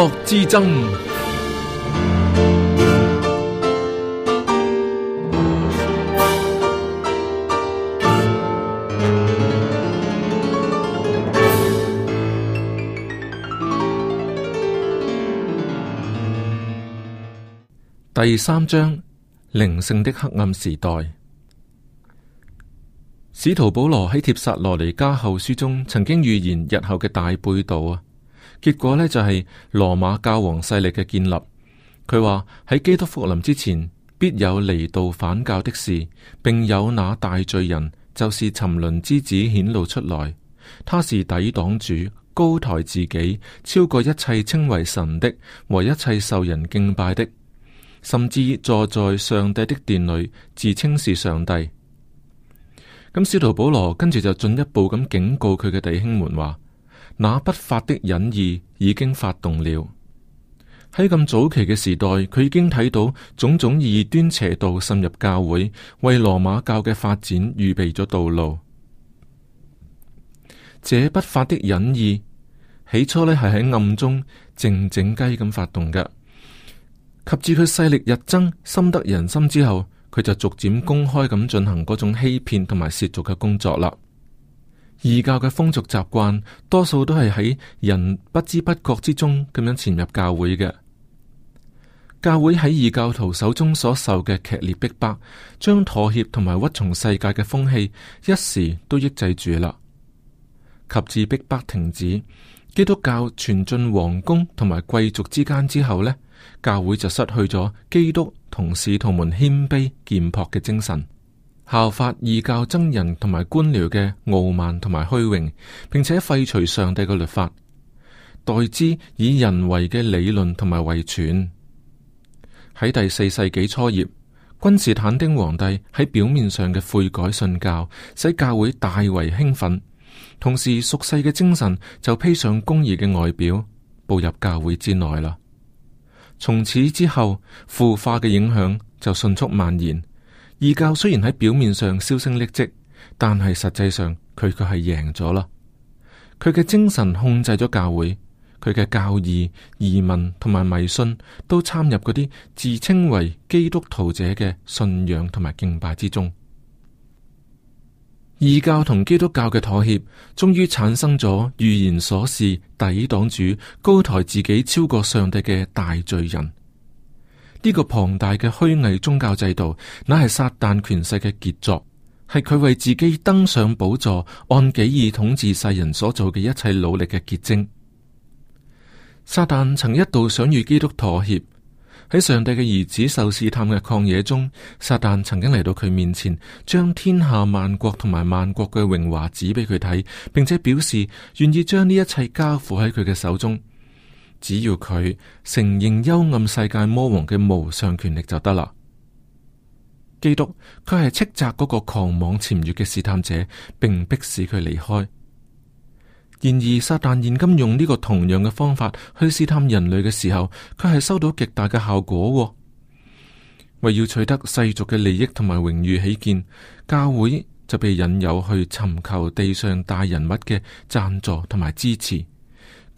國之爭。第三章靈性的黑暗時代。使徒保羅喺帖撒羅尼加後書中曾經預言日後嘅大背道啊。結果呢，就係、是、羅馬教皇勢力嘅建立。佢話喺基督復臨之前，必有離道反教的事，並有那大罪人，就是沉淪之子顯露出來。他是抵擋主、高抬自己、超過一切稱為神的和一切受人敬拜的，甚至坐在上帝的殿裡自稱是上帝。咁，使徒保羅跟住就進一步咁警告佢嘅弟兄們話。那不法的隱意已經發動了。喺咁早期嘅時代，佢已經睇到種種異端邪道滲入教會，為羅馬教嘅發展預備咗道路。這不法的隱意起初咧係喺暗中靜靜雞咁發動嘅，及至佢勢力日增，深得人心之後，佢就逐漸公開咁進行嗰種欺騙同埋褻瀆嘅工作啦。異教嘅風俗習慣，多數都係喺人不知不覺之中咁樣潛入教會嘅。教會喺異教徒手中所受嘅劇烈逼迫，將妥協同埋屈從世界嘅風氣，一時都抑制住啦。及至逼迫停止，基督教傳進皇宮同埋貴族之間之後呢，教會就失去咗基督同使徒們謙卑儉樸嘅精神。效法異教僧人同埋官僚嘅傲慢同埋虛榮，並且廢除上帝嘅律法，代之以人為嘅理論同埋遺傳。喺第四世紀初葉，君士坦丁皇帝喺表面上嘅悔改信教，使教會大為興奮，同時俗世嘅精神就披上公義嘅外表，步入教會之內啦。從此之後，腐化嘅影響就迅速蔓延。異教雖然喺表面上銷聲匿迹，但係實際上佢却係贏咗啦。佢嘅精神控制咗教會，佢嘅教義、移民同埋迷信都參入嗰啲自稱為基督徒者嘅信仰同埋敬拜之中。異教同基督教嘅妥協，終於產生咗預言所示，抵擋主、高抬自己超過上帝嘅大罪人。呢個龐大嘅虛偽宗教制度，乃係撒旦權勢嘅傑作，係佢為自己登上寶座、按己意統治世人所做嘅一切努力嘅結晶。撒旦曾一度想與基督妥協，喺上帝嘅兒子受試探嘅曠野中，撒旦曾經嚟到佢面前，將天下萬國同埋萬國嘅榮華指俾佢睇，並且表示願意將呢一切交付喺佢嘅手中。只要佢承認幽暗世界魔王嘅無上權力就得啦。基督，佢係斥責嗰個狂妄潛越嘅試探者，並迫使佢離開。然而，撒旦現今用呢個同樣嘅方法去試探人類嘅時候，佢係收到極大嘅效果，哦。為要取得世俗嘅利益同埋榮譽起見，教會就被引誘去尋求地上大人物嘅贊助同埋支持。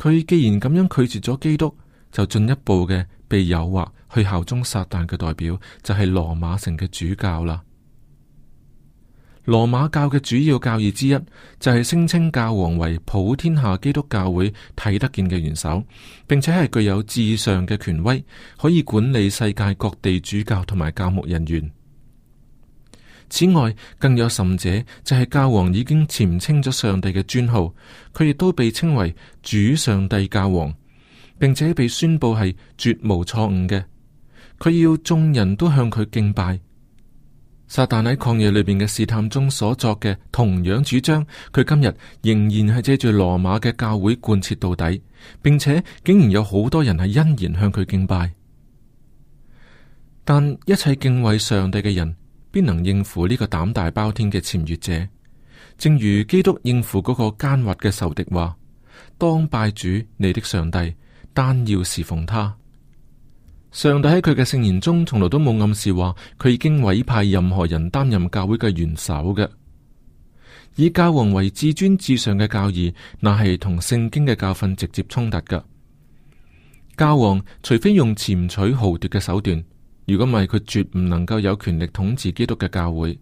佢既然咁樣拒絕咗基督，就進一步嘅被誘惑去效忠撒旦嘅代表，就係、是、羅馬城嘅主教啦。羅馬教嘅主要教義之一，就係聲稱教皇為普天下基督教會睇得見嘅元首，並且係具有至上嘅權威，可以管理世界各地主教同埋教牧人員。此外，更有甚者，就係、是、教皇已經僭稱咗上帝嘅尊號，佢亦都被稱為主上帝教皇，並且被宣布係絕無錯誤嘅。佢要眾人都向佢敬拜。撒旦喺曠野裏邊嘅試探中所作嘅，同樣主張，佢今日仍然係借住羅馬嘅教會貫徹到底，並且竟然有好多人係欣然向佢敬拜。但一切敬畏上帝嘅人。必能應付呢個膽大包天嘅潛越者，正如基督應付嗰個奸猾嘅仇敵話：當拜主你的上帝，單要侍奉他。上帝喺佢嘅聖言中，從來都冇暗示話佢已經委派任何人擔任教會嘅元首嘅。以教皇為至尊至上嘅教義，那係同聖經嘅教訓直接衝突嘅。教皇除非用潛取豪奪嘅手段。如果唔係，佢絕唔能夠有權力統治基督嘅教會。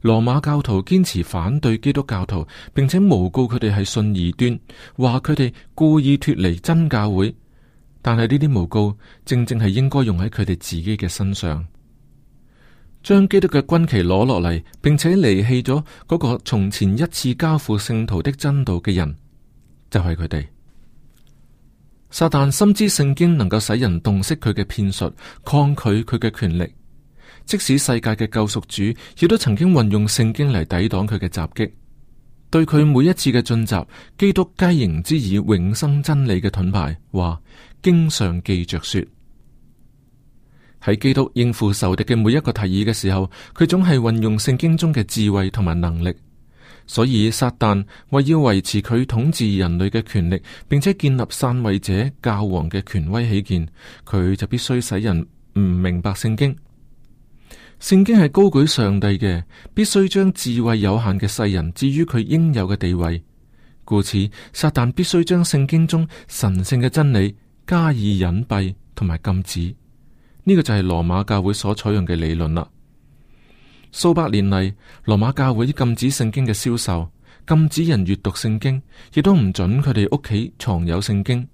羅馬教徒堅持反對基督教徒，並且誣告佢哋係信異端，話佢哋故意脫離真教會。但係呢啲誣告，正正係應該用喺佢哋自己嘅身上，將基督嘅軍旗攞落嚟，並且離棄咗嗰個從前一次交付聖徒的真道嘅人，就係佢哋。撒旦深知聖經能夠使人洞悉佢嘅騙術，抗拒佢嘅權力。即使世界嘅救贖主，亦都曾經運用聖經嚟抵擋佢嘅襲擊。對佢每一次嘅進襲，基督皆迎之以永生真理嘅盾牌。話經上記着說：喺基督應付仇敵嘅每一個提議嘅時候，佢總係運用聖經中嘅智慧同埋能力。所以，撒旦為要維持佢統治人類嘅權力，並且建立篡位者教皇嘅權威起見，佢就必須使人唔明白聖經。聖經係高舉上帝嘅，必須將智慧有限嘅世人置於佢應有嘅地位，故此，撒旦必須將聖經中神聖嘅真理加以隱蔽同埋禁止。呢個就係羅馬教會所採用嘅理論啦。數百年嚟，羅馬教會禁止聖經嘅銷售，禁止人閱讀聖經，亦都唔准佢哋屋企藏有聖經，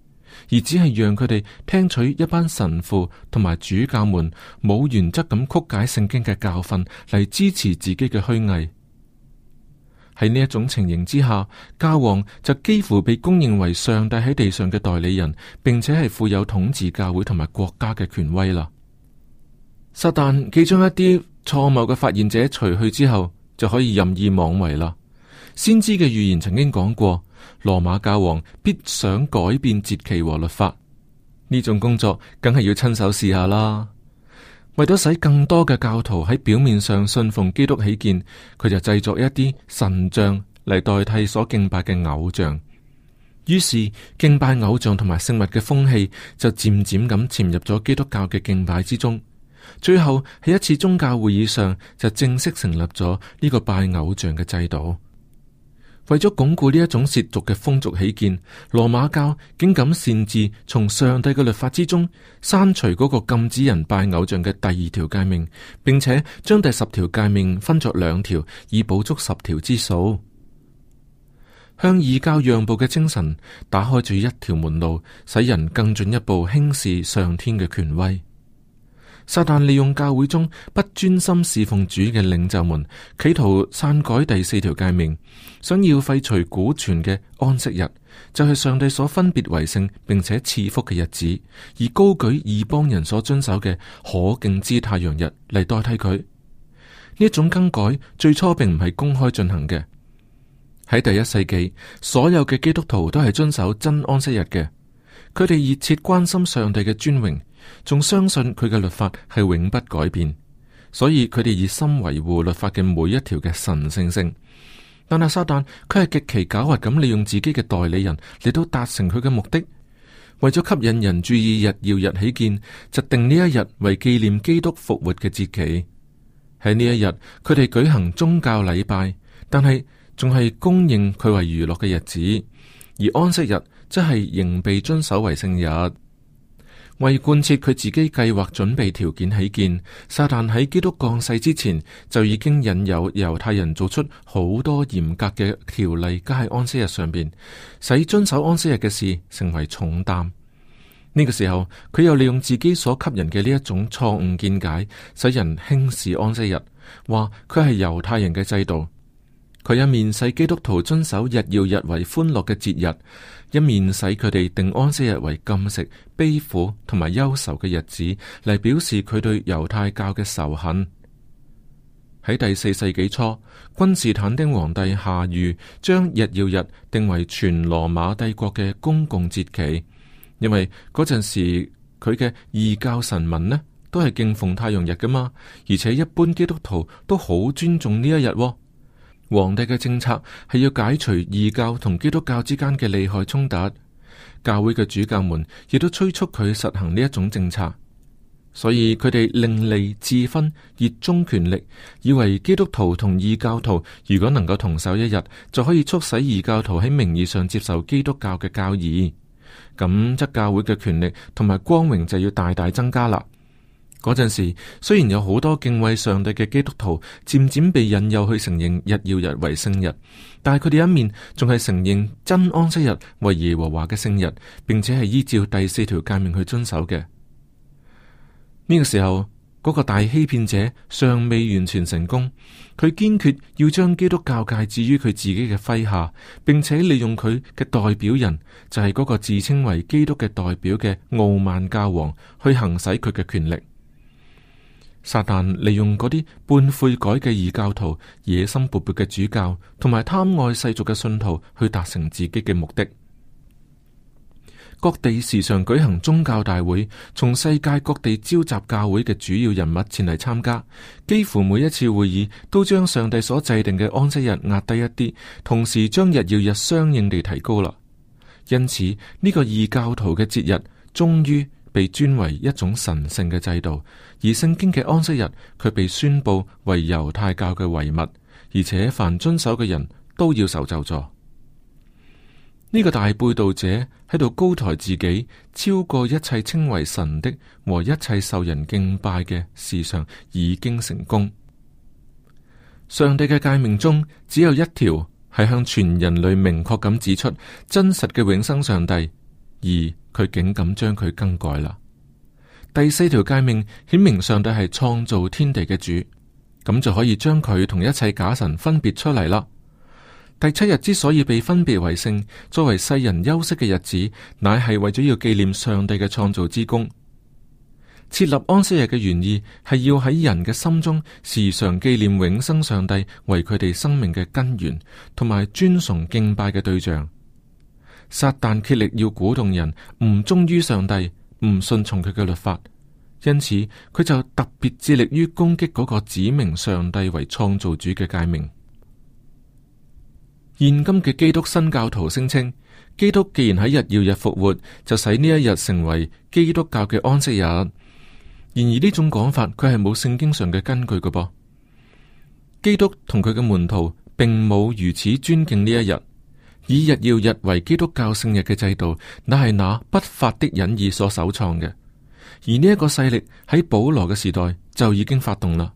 而只係讓佢哋聽取一班神父同埋主教們冇原則咁曲解聖經嘅教訓嚟支持自己嘅虛偽。喺呢一種情形之下，教皇就幾乎被公認為上帝喺地上嘅代理人，並且係富有統治教會同埋國家嘅權威啦。撒旦其中一啲。錯謬嘅發現者除去之後，就可以任意妄為啦。先知嘅預言曾經講過，羅馬教皇必想改變節期和律法。呢種工作，梗係要親手試下啦。為咗使更多嘅教徒喺表面上信奉基督起見，佢就製作一啲神像嚟代替所敬拜嘅偶像。於是，敬拜偶像同埋聖物嘅風氣就漸漸咁潛入咗基督教嘅敬拜之中。最後喺一次宗教會議上，就正式成立咗呢個拜偶像嘅制度。為咗鞏固呢一種褻瀆嘅風俗起見，羅馬教竟敢擅自從上帝嘅律法之中刪除嗰個禁止人拜偶像嘅第二條誡命，並且將第十條誡命分作兩條，以補足十條之數。向異教讓步嘅精神，打開住一條門路，使人更進一步輕視上天嘅權威。撒旦利用教會中不專心侍奉主嘅領袖們，企圖篡改第四條誡命，想要廢除古傳嘅安息日，就係、是、上帝所分別為聖並且賜福嘅日子，而高舉異邦人所遵守嘅可敬之太陽日嚟代替佢。呢一種更改最初並唔係公開進行嘅。喺第一世紀，所有嘅基督徒都係遵守真安息日嘅，佢哋熱切關心上帝嘅尊榮。仲相信佢嘅律法係永不改變，所以佢哋熱心維護律法嘅每一條嘅神聖性。但係撒旦佢係極其狡猾咁利用自己嘅代理人嚟到達成佢嘅目的，為咗吸引人注意，日曜日起見就定呢一日為紀念基督復活嘅節期。喺呢一日佢哋舉行宗教禮拜，但係仲係公認佢為娛樂嘅日子，而安息日即係仍被遵守為聖日。為貫徹佢自己計劃準備條件起見，撒旦喺基督降世之前就已經引誘猶太人做出好多嚴格嘅條例，加喺安息日上邊，使遵守安息日嘅事成為重擔。呢個時候，佢又利用自己所給人嘅呢一種錯誤見解，使人輕視安息日，話佢係猶太人嘅制度。佢一面使基督徒遵守日曜日為歡樂嘅節日，一面使佢哋定安息日為禁食、悲苦同埋憂愁嘅日子，嚟表示佢對猶太教嘅仇恨。喺第四世紀初，君士坦丁皇帝下諭，將日曜日定為全羅馬帝國嘅公共節期，因為嗰陣時佢嘅異教臣民呢都係敬奉太陽日㗎嘛，而且一般基督徒都好尊重呢一日喎。皇帝嘅政策係要解除異教同基督教之間嘅利害衝突，教會嘅主教們亦都催促佢實行呢一種政策，所以佢哋另利自分熱衷權力，以為基督徒同異教徒如果能夠同守一日，就可以促使異教徒喺名義上接受基督教嘅教義，咁則教會嘅權力同埋光榮就要大大增加啦。嗰陣時，雖然有好多敬畏上帝嘅基督徒，漸漸被引誘去承認日曜日為聖日，但係佢哋一面仲係承認真安息日為耶和華嘅聖日，並且係依照第四條誡命去遵守嘅。呢、這個時候，嗰、那個大欺騙者尚未完全成功，佢堅決要將基督教界置於佢自己嘅麾下，並且利用佢嘅代表人就係、是、嗰個自稱為基督嘅代表嘅傲慢教皇，去行使佢嘅權力。撒旦利用嗰啲半悔改嘅異教徒、野心勃勃嘅主教同埋貪愛世俗嘅信徒去達成自己嘅目的。各地時常舉行宗教大會，從世界各地召集教會嘅主要人物前嚟參加。幾乎每一次會議都將上帝所制定嘅安息日壓低一啲，同時將日曜日相應地提高啦。因此呢個異教徒嘅節日終於被尊為一種神聖嘅制度，而聖經嘅安息日卻被宣布為猶太教嘅遺物，而且凡遵守嘅人都要受咒詛。呢、這個大背道者喺度高抬自己，超過一切稱為神的、和一切受人敬拜嘅事上已經成功。上帝嘅誡命中只有一條係向全人類明確咁指出真實嘅永生上帝，而佢竟敢將佢更改啦！第四條誡命顯明上帝係創造天地嘅主，咁就可以將佢同一切假神分別出嚟啦。第七日之所以被分別為聖，作為世人休息嘅日子，乃係為咗要紀念上帝嘅創造之功。設立安息日嘅原意係要喺人嘅心中時常紀念永生上帝為佢哋生命嘅根源，同埋尊崇敬拜嘅對象。撒旦竭力要鼓動人唔忠於上帝，唔順從佢嘅律法，因此佢就特別致力於攻擊嗰個指明上帝為創造主嘅誡命。現今嘅基督新教徒聲稱，基督既然喺日曜日復活，就使呢一日成為基督教嘅安息日。然而呢種講法，佢係冇聖經上嘅根據嘅噃。基督同佢嘅門徒並冇如此尊敬呢一日。以日耀日為基督教聖日嘅制度，那係那不法的隱意，所首創嘅。而呢一個勢力喺保羅嘅時代就已經發動啦。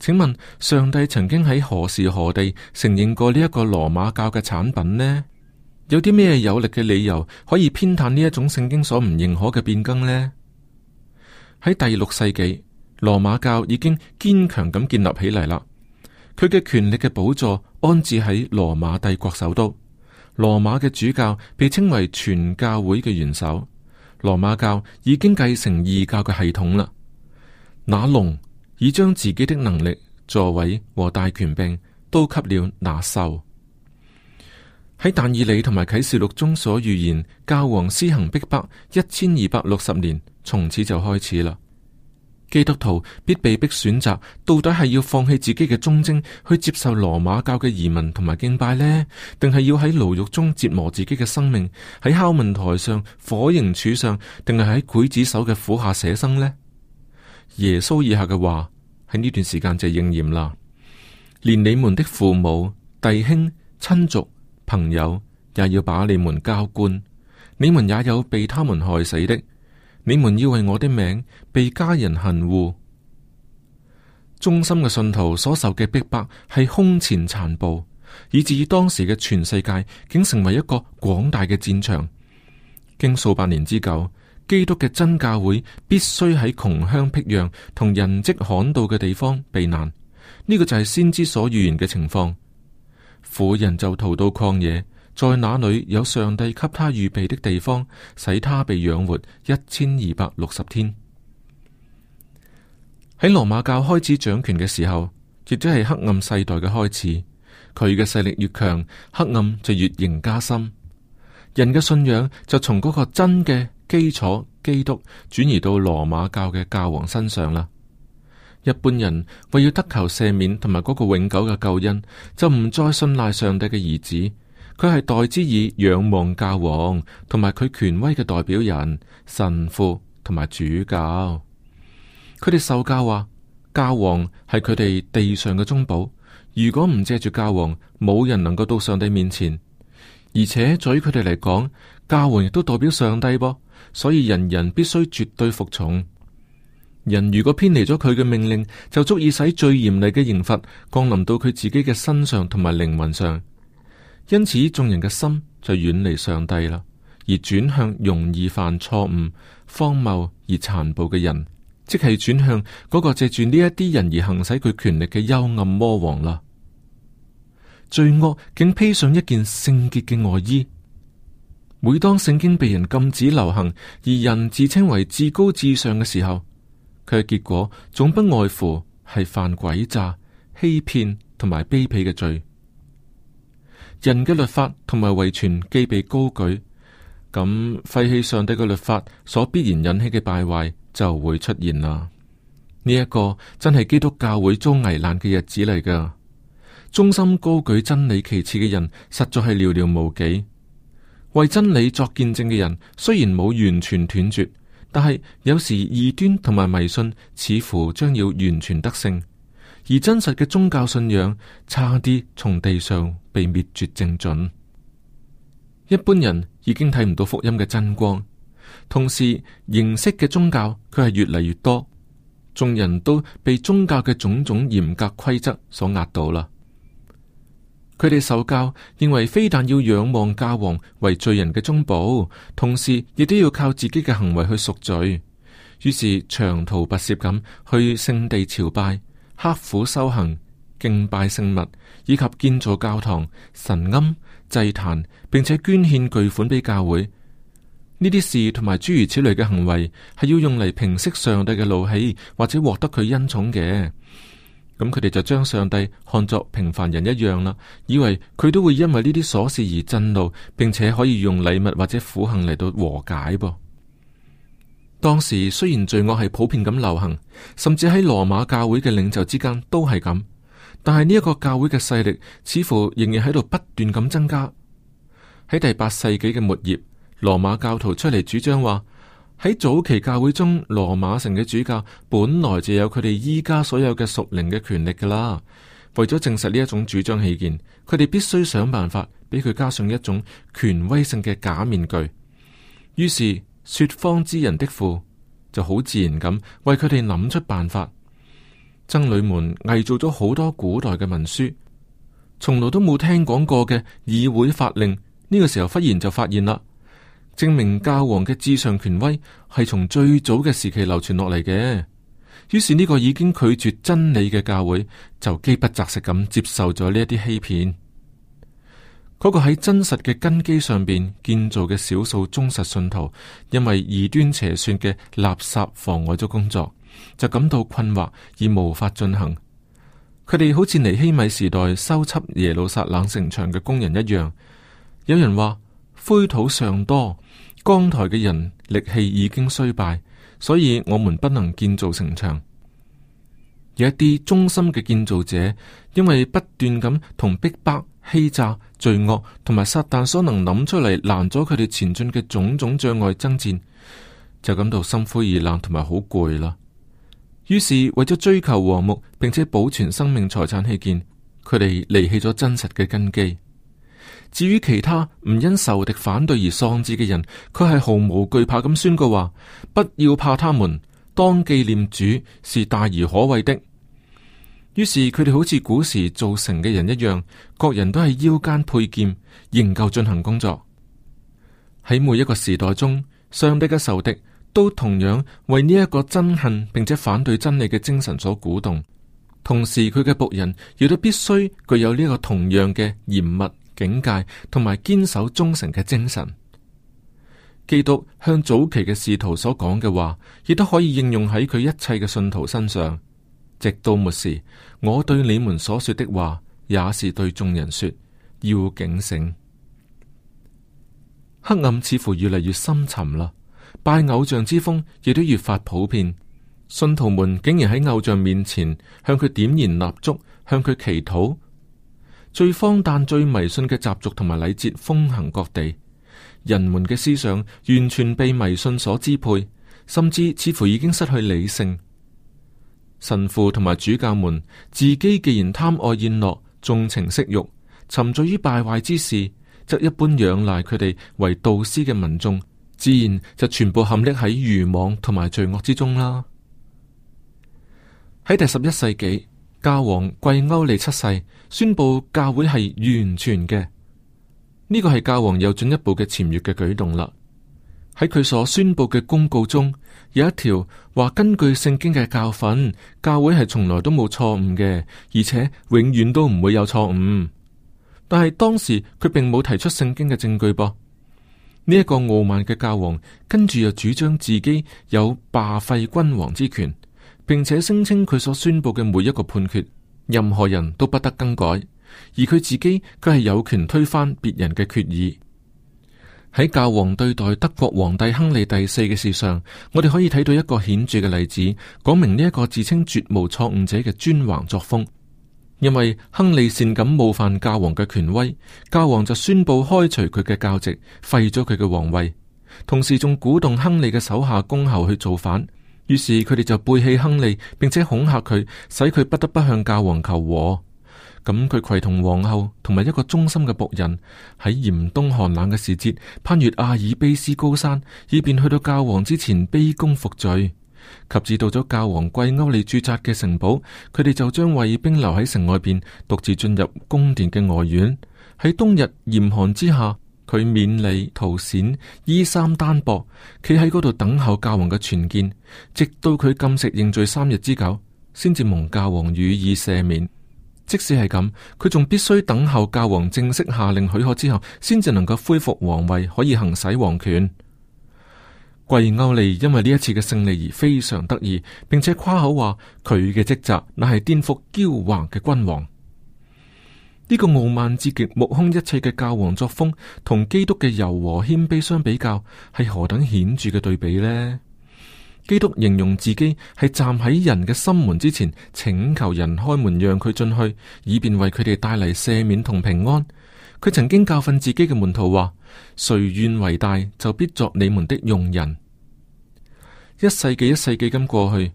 請問上帝曾經喺何時何地承認過呢一個羅馬教嘅產品呢？有啲咩有力嘅理由可以偏袒呢一種聖經所唔認可嘅變更呢？喺第六世紀，羅馬教已經堅強咁建立起嚟啦。佢嘅權力嘅寶座安置喺羅馬帝國首都。羅馬嘅主教被稱為全教會嘅元首，羅馬教已經繼承異教嘅系統啦。那龍已將自己的能力、座位和大權柄都給了那獸。喺但以理同埋啟示錄中所預言，教皇施行逼迫一千二百六十年，從此就開始啦。基督徒必被迫選擇，到底係要放棄自己嘅忠貞，去接受羅馬教嘅移民同埋敬拜呢？定係要喺牢獄中折磨自己嘅生命，喺敲門台上、火刑柱上，定係喺劊子手嘅斧下寫生呢？耶穌以下嘅話喺呢段時間就應驗啦，連你們的父母、弟兄、親族、朋友，也要把你們交官。你們也有被他們害死的。你們要為我的名被家人恨惡。忠心嘅信徒所受嘅逼迫係空前殘暴，以至於當時嘅全世界竟成為一個廣大嘅戰場。經數百年之久，基督嘅真教會必須喺窮鄉僻壤同人跡罕到嘅地方避難。呢、這個就係先知所預言嘅情況。婦人就逃到曠野。在那裡有上帝給他預備的地方，使他被養活一千二百六十天。喺羅馬教開始掌權嘅時候，亦都係黑暗世代嘅開始。佢嘅勢力越強，黑暗就越形加深。人嘅信仰就從嗰個真嘅基礎基督轉移到羅馬教嘅教皇身上啦。一般人為要得求赦免同埋嗰個永久嘅救恩，就唔再信賴上帝嘅兒子。佢係代之以仰望教皇同埋佢權威嘅代表人神父同埋主教，佢哋受教話教皇係佢哋地上嘅中保，如果唔借住教皇，冇人能夠到上帝面前。而且對於佢哋嚟講，教皇亦都代表上帝噃，所以人人必須絕對服從。人如果偏離咗佢嘅命令，就足以使最嚴厲嘅刑罰降臨到佢自己嘅身上同埋靈魂上。因此，眾人嘅心就遠離上帝啦，而轉向容易犯錯誤、荒謬而殘暴嘅人，即係轉向嗰個借住呢一啲人而行使佢權力嘅幽暗魔王啦。罪惡竟披上一件聖潔嘅外衣。每當聖經被人禁止流行，而人自稱為至高至上嘅時候，佢嘅結果總不外乎係犯詭詐、欺騙同埋卑鄙嘅罪。人嘅律法同埋遺傳既被高舉，咁廢棄上帝嘅律法所必然引起嘅敗壞就會出現啦。呢、這、一個真係基督教會遭危難嘅日子嚟噶。忠心高舉真理旗幟嘅人實在係寥寥無幾，為真理作見證嘅人雖然冇完全斷絕，但係有時異端同埋迷信似乎將要完全得勝。而真實嘅宗教信仰差啲從地上被滅絕淨盡，一般人已經睇唔到福音嘅真光，同時形式嘅宗教佢係越嚟越多，眾人都被宗教嘅種種嚴格規則所壓倒啦。佢哋受教認為非但要仰望教皇為罪人嘅中保，同時亦都要靠自己嘅行為去贖罪，於是長途跋涉咁去聖地朝拜。刻苦修行、敬拜聖物，以及建造教堂、神庵、祭壇，並且捐獻巨款俾教會，呢啲事同埋諸如此類嘅行為，係要用嚟平息上帝嘅怒氣，或者獲得佢恩寵嘅。咁佢哋就將上帝看作平凡人一樣啦，以為佢都會因為呢啲瑣事而震怒，並且可以用禮物或者苦行嚟到和解噃。當時雖然罪惡係普遍咁流行，甚至喺羅馬教會嘅領袖之間都係咁，但係呢一個教會嘅勢力似乎仍然喺度不斷咁增加。喺第八世紀嘅末葉，羅馬教徒出嚟主張話，喺早期教會中，羅馬城嘅主教本來就有佢哋依家所有嘅屬靈嘅權力噶啦。為咗證實呢一種主張起見，佢哋必須想辦法俾佢加上一種權威性嘅假面具。於是。說謊之人的父就好自然咁為佢哋諗出辦法，僧侶們偽造咗好多古代嘅文書，從來都冇聽講過嘅議會法令，呢個時候忽然就發現啦，證明教皇嘅至上權威係從最早嘅時期流傳落嚟嘅。於是呢個已經拒絕真理嘅教會就飢不擇食咁接受咗呢一啲欺騙。嗰個喺真實嘅根基上邊建造嘅少數忠實信徒，因為異端邪說嘅垃圾妨礙咗工作，就感到困惑而無法進行。佢哋好似尼希米時代修葺耶路撒冷城牆嘅工人一樣。有人話灰土尚多，扛抬嘅人力氣已經衰敗，所以我們不能建造城牆。有一啲忠心嘅建造者，因為不斷咁同逼迫。欺詐罪惡同埋撒旦所能諗出嚟攔咗佢哋前進嘅種種障礙爭戰，就感到心灰意冷同埋好攰啦。於是為咗追求和睦並且保存生命財產起見，佢哋離棄咗真實嘅根基。至於其他唔因仇敵反對而喪志嘅人，佢係毫無懼怕咁宣告話：「不要怕他們，當紀念主是大而可畏的。」於是佢哋好似古時造成嘅人一樣，各人都係腰間佩劍，仍舊進行工作。喺每一個時代中，上帝嘅仇敵都同樣為呢一個憎恨並且反對真理嘅精神所鼓動，同時佢嘅僕人亦都必須具有呢個同樣嘅嚴密警戒同埋堅守忠誠嘅精神。基督向早期嘅信徒所講嘅話，亦都可以應用喺佢一切嘅信徒身上。直到末時，我對你們所說的話，也是對眾人說，要警醒。黑暗似乎越嚟越深沉啦，拜偶像之風亦都越發普遍。信徒們竟然喺偶像面前向佢點燃蠟燭，向佢祈禱。最荒誕、最迷信嘅習俗同埋禮節風行各地，人們嘅思想完全被迷信所支配，甚至似乎已經失去理性。神父同埋主教們自己既然貪愛宴樂、重情惜慾、沉醉於敗壞之事，則一般仰賴佢哋為導師嘅民眾，自然就全部陷溺喺愚妄同埋罪惡之中啦。喺第十一世紀，教皇貴歐利七世，宣布教會係完全嘅。呢個係教皇有進一步嘅僭越嘅舉動啦。喺佢所宣布嘅公告中，有一條話，根據聖經嘅教訓，教會係從來都冇錯誤嘅，而且永遠都唔會有錯誤。但係當時佢並冇提出聖經嘅證據噃。呢一個傲慢嘅教皇，跟住又主張自己有罷廢君王之權，並且聲稱佢所宣布嘅每一個判決，任何人都不得更改，而佢自己佢係有權推翻別人嘅決議。喺教皇對待德國皇帝亨利第四嘅事上，我哋可以睇到一個顯著嘅例子，講明呢一個自稱絕無錯誤者嘅專橫作風。因為亨利善感冒犯教皇嘅權威，教皇就宣布開除佢嘅教籍，廢咗佢嘅皇位，同時仲鼓動亨利嘅手下公侯去造反。於是佢哋就背棄亨利，並且恐嚇佢，使佢不得不向教皇求和。咁佢攜同皇后同埋一個忠心嘅僕人，喺嚴冬寒冷嘅時節，攀越阿爾卑斯高山，以便去到教皇之前卑躬服罪。及至到咗教皇貴歐利駐紮嘅城堡，佢哋就將衛兵留喺城外邊，獨自進入宮殿嘅外院。喺冬日嚴寒之下，佢免禮涂跣，衣衫單薄，企喺嗰度等候教皇嘅傳見，直到佢禁食認罪三日之久，先至蒙教皇予以赦免。即使係咁，佢仲必須等候教皇正式下令許可之後，先至能夠恢復皇位，可以行使皇權。貴歐利因為呢一次嘅勝利而非常得意，並且誇口話佢嘅職責乃係顛覆驕橫嘅君王。呢個傲慢至極、目空一切嘅教皇作風，同基督嘅柔和謙卑相比較，係何等顯著嘅對比呢？基督形容自己係站喺人嘅心門之前，請求人開門讓佢進去，以便為佢哋帶嚟赦免同平安。佢曾經教訓自己嘅門徒話：誰願為大，就必作你們的用人。一世紀一世紀咁過去，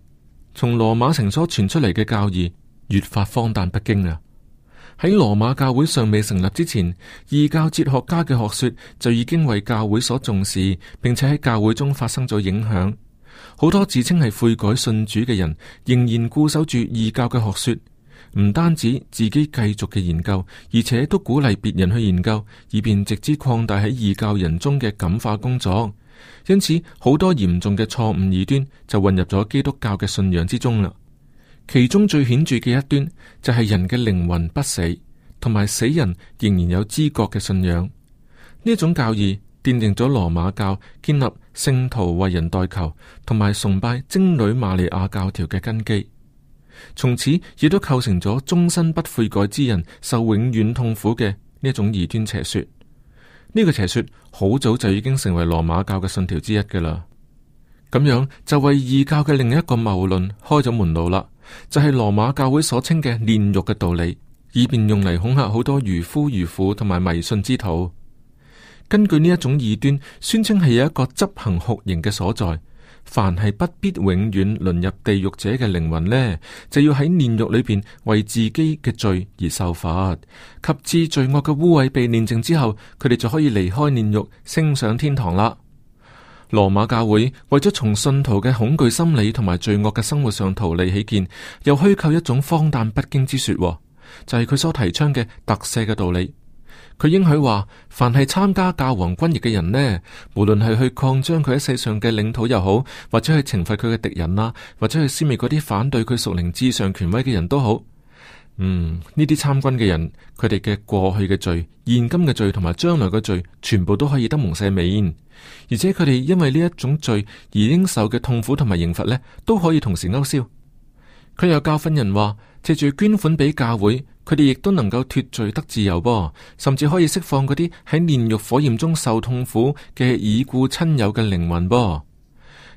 從羅馬城所傳出嚟嘅教義越發荒誕不經啊！喺羅馬教會尚未成立之前，異教哲學家嘅學說就已經為教會所重視，並且喺教會中發生咗影響。好多自稱係悔改信主嘅人，仍然固守住異教嘅學說，唔單止自己繼續嘅研究，而且都鼓勵別人去研究，以便直接擴大喺異教人中嘅感化工作。因此，好多嚴重嘅錯誤異端就混入咗基督教嘅信仰之中啦。其中最顯著嘅一端就係人嘅靈魂不死，同埋死人仍然有知覺嘅信仰呢種教義。奠定咗羅馬教建立聖徒為人代求同埋崇拜貞女瑪利亞教條嘅根基，從此亦都構成咗終身不悔改之人受永遠痛苦嘅呢一種異端邪說。呢、這個邪說好早就已經成為羅馬教嘅信條之一嘅啦。咁樣就為異教嘅另一個謬論開咗門路啦，就係、是、羅馬教會所稱嘅煉獄嘅道理，以便用嚟恐吓好多愚夫愚婦同埋迷信之徒。根據呢一種異端，宣稱係有一個執行酷刑嘅所在，凡係不必永遠淪入地獄者嘅靈魂呢，就要喺煉獄裏邊為自己嘅罪而受罰，及至罪惡嘅污穢被煉淨之後，佢哋就可以離開煉獄，升上天堂啦。羅馬教會為咗從信徒嘅恐懼心理同埋罪惡嘅生活上逃離起見，又虛構一種荒誕不經之說，就係、是、佢所提倡嘅特赦嘅道理。佢應許話：凡係參加教皇軍役嘅人呢，無論係去擴張佢喺世上嘅領土又好，或者去懲罰佢嘅敵人啦、啊，或者去消滅嗰啲反對佢屬靈至上權威嘅人都好，嗯，呢啲參軍嘅人，佢哋嘅過去嘅罪、現今嘅罪同埋將來嘅罪，全部都可以得蒙赦免，而且佢哋因為呢一種罪而應受嘅痛苦同埋刑罰呢，都可以同時勾銷。佢有教訓人話：借住捐款俾教會。佢哋亦都能夠脫罪得自由噃、啊，甚至可以釋放嗰啲喺煉獄火焰中受痛苦嘅已故親友嘅靈魂噃、啊。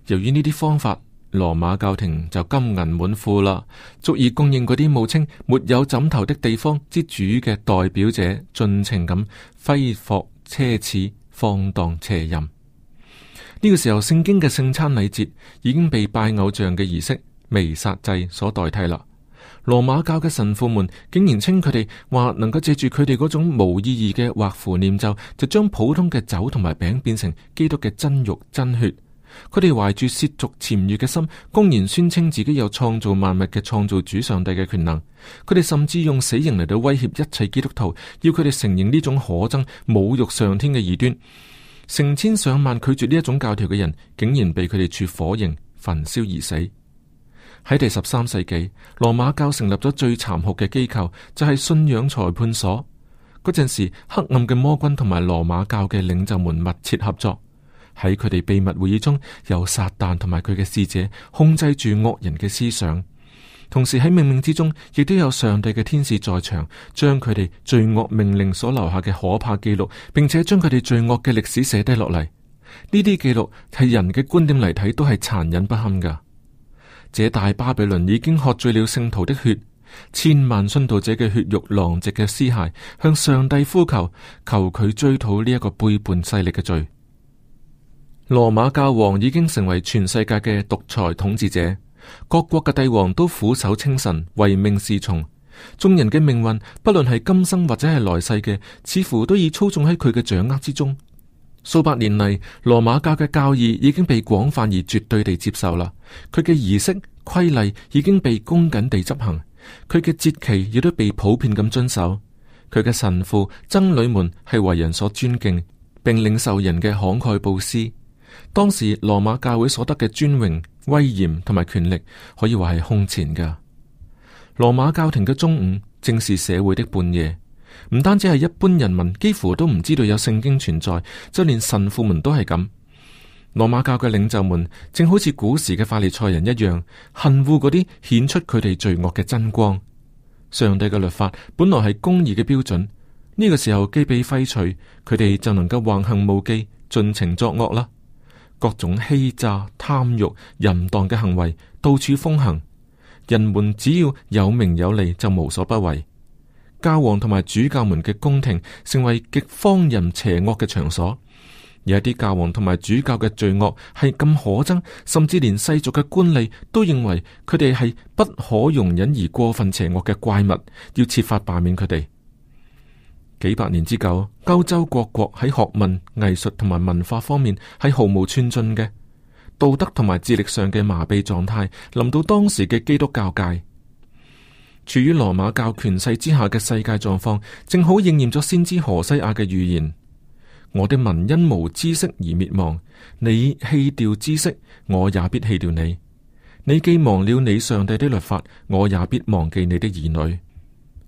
由於呢啲方法，羅馬教廷就金銀滿庫啦，足以供應嗰啲冒稱沒有枕頭的地方之主嘅代表者盡情咁揮霍奢侈放蕩邪淫。呢、這個時候，聖經嘅聖餐禮節已經被拜偶像嘅儀式彌撒祭所代替啦。羅馬教嘅神父們竟然稱佢哋話能夠借住佢哋嗰種無意義嘅畫符念咒，就將普通嘅酒同埋餅變成基督嘅真肉真血。佢哋懷住褻瀆潛欲嘅心，公然宣稱自己有創造萬物嘅創造主上帝嘅權能。佢哋甚至用死刑嚟到威脅一切基督徒，要佢哋承認呢種可憎侮辱上天嘅異端。成千上萬拒絕呢一種教條嘅人，竟然被佢哋處火刑焚燒而死。喺第十三世紀，羅馬教成立咗最殘酷嘅機構，就係信仰裁判所。嗰陣時，黑暗嘅魔君同埋羅馬教嘅領袖們密切合作，喺佢哋秘密會議中，有撒旦同埋佢嘅使者控制住惡人嘅思想，同時喺冥冥之中亦都有上帝嘅天使在場，將佢哋罪惡命令所留下嘅可怕記錄，並且將佢哋罪惡嘅歷史寫低落嚟。呢啲記錄係人嘅觀點嚟睇，都係殘忍不堪噶。這大巴比倫已經喝醉了聖徒的血，千萬殉道者嘅血肉狼藉嘅屍骸，向上帝呼求，求佢追討呢一個背叛勢力嘅罪。羅馬教皇已經成為全世界嘅獨裁統治者，各國嘅帝王都俯首稱臣，唯命是從。眾人嘅命運，不論係今生或者係來世嘅，似乎都已操縱喺佢嘅掌握之中。數百年嚟，羅馬教嘅教義已經被廣泛而絕對地接受啦。佢嘅儀式、規例已經被恭謹地執行，佢嘅節期亦都被普遍咁遵守。佢嘅神父、僧侶們係為人所尊敬，並領受人嘅慷慨布施。當時羅馬教會所得嘅尊榮、威嚴同埋權力，可以話係空前㗎。羅馬教廷嘅中午，正是社會的半夜。唔單止係一般人民，幾乎都唔知道有聖經存在，就連神父們都係咁。羅馬教嘅領袖們，正好似古時嘅法利賽人一樣，恨惡嗰啲顯出佢哋罪惡嘅真光。上帝嘅律法本來係公義嘅標準，呢、這個時候既被廢除，佢哋就能夠橫行無忌，盡情作惡啦。各種欺詐、貪欲、淫蕩嘅行為到處風行，人們只要有名有利，就無所不為。教皇同埋主教們嘅宮廷成為極荒淫邪惡嘅場所，有一啲教皇同埋主教嘅罪惡係咁可憎，甚至連世俗嘅官吏都認為佢哋係不可容忍而過分邪惡嘅怪物，要設法罷免佢哋。幾百年之久，歐洲各國喺學問、藝術同埋文化方面係毫無寸進嘅，道德同埋智力上嘅麻痹狀態，臨到當時嘅基督教界。處於羅馬教權勢之下嘅世界狀況，正好應驗咗先知何西亞嘅預言：我的民因無知識而滅亡，你棄掉知識，我也必棄掉你；你既忘了你上帝的律法，我也必忘記你的兒女。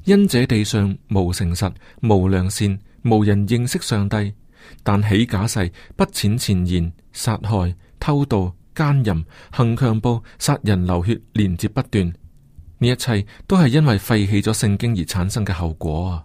因這地上無誠實、無良善、無人認識上帝，但起假誓、不淺前言、殺害、偷盜、奸淫、行強暴、殺人、流血，連接不斷。呢一切都係因為廢棄咗聖經而產生嘅後果啊！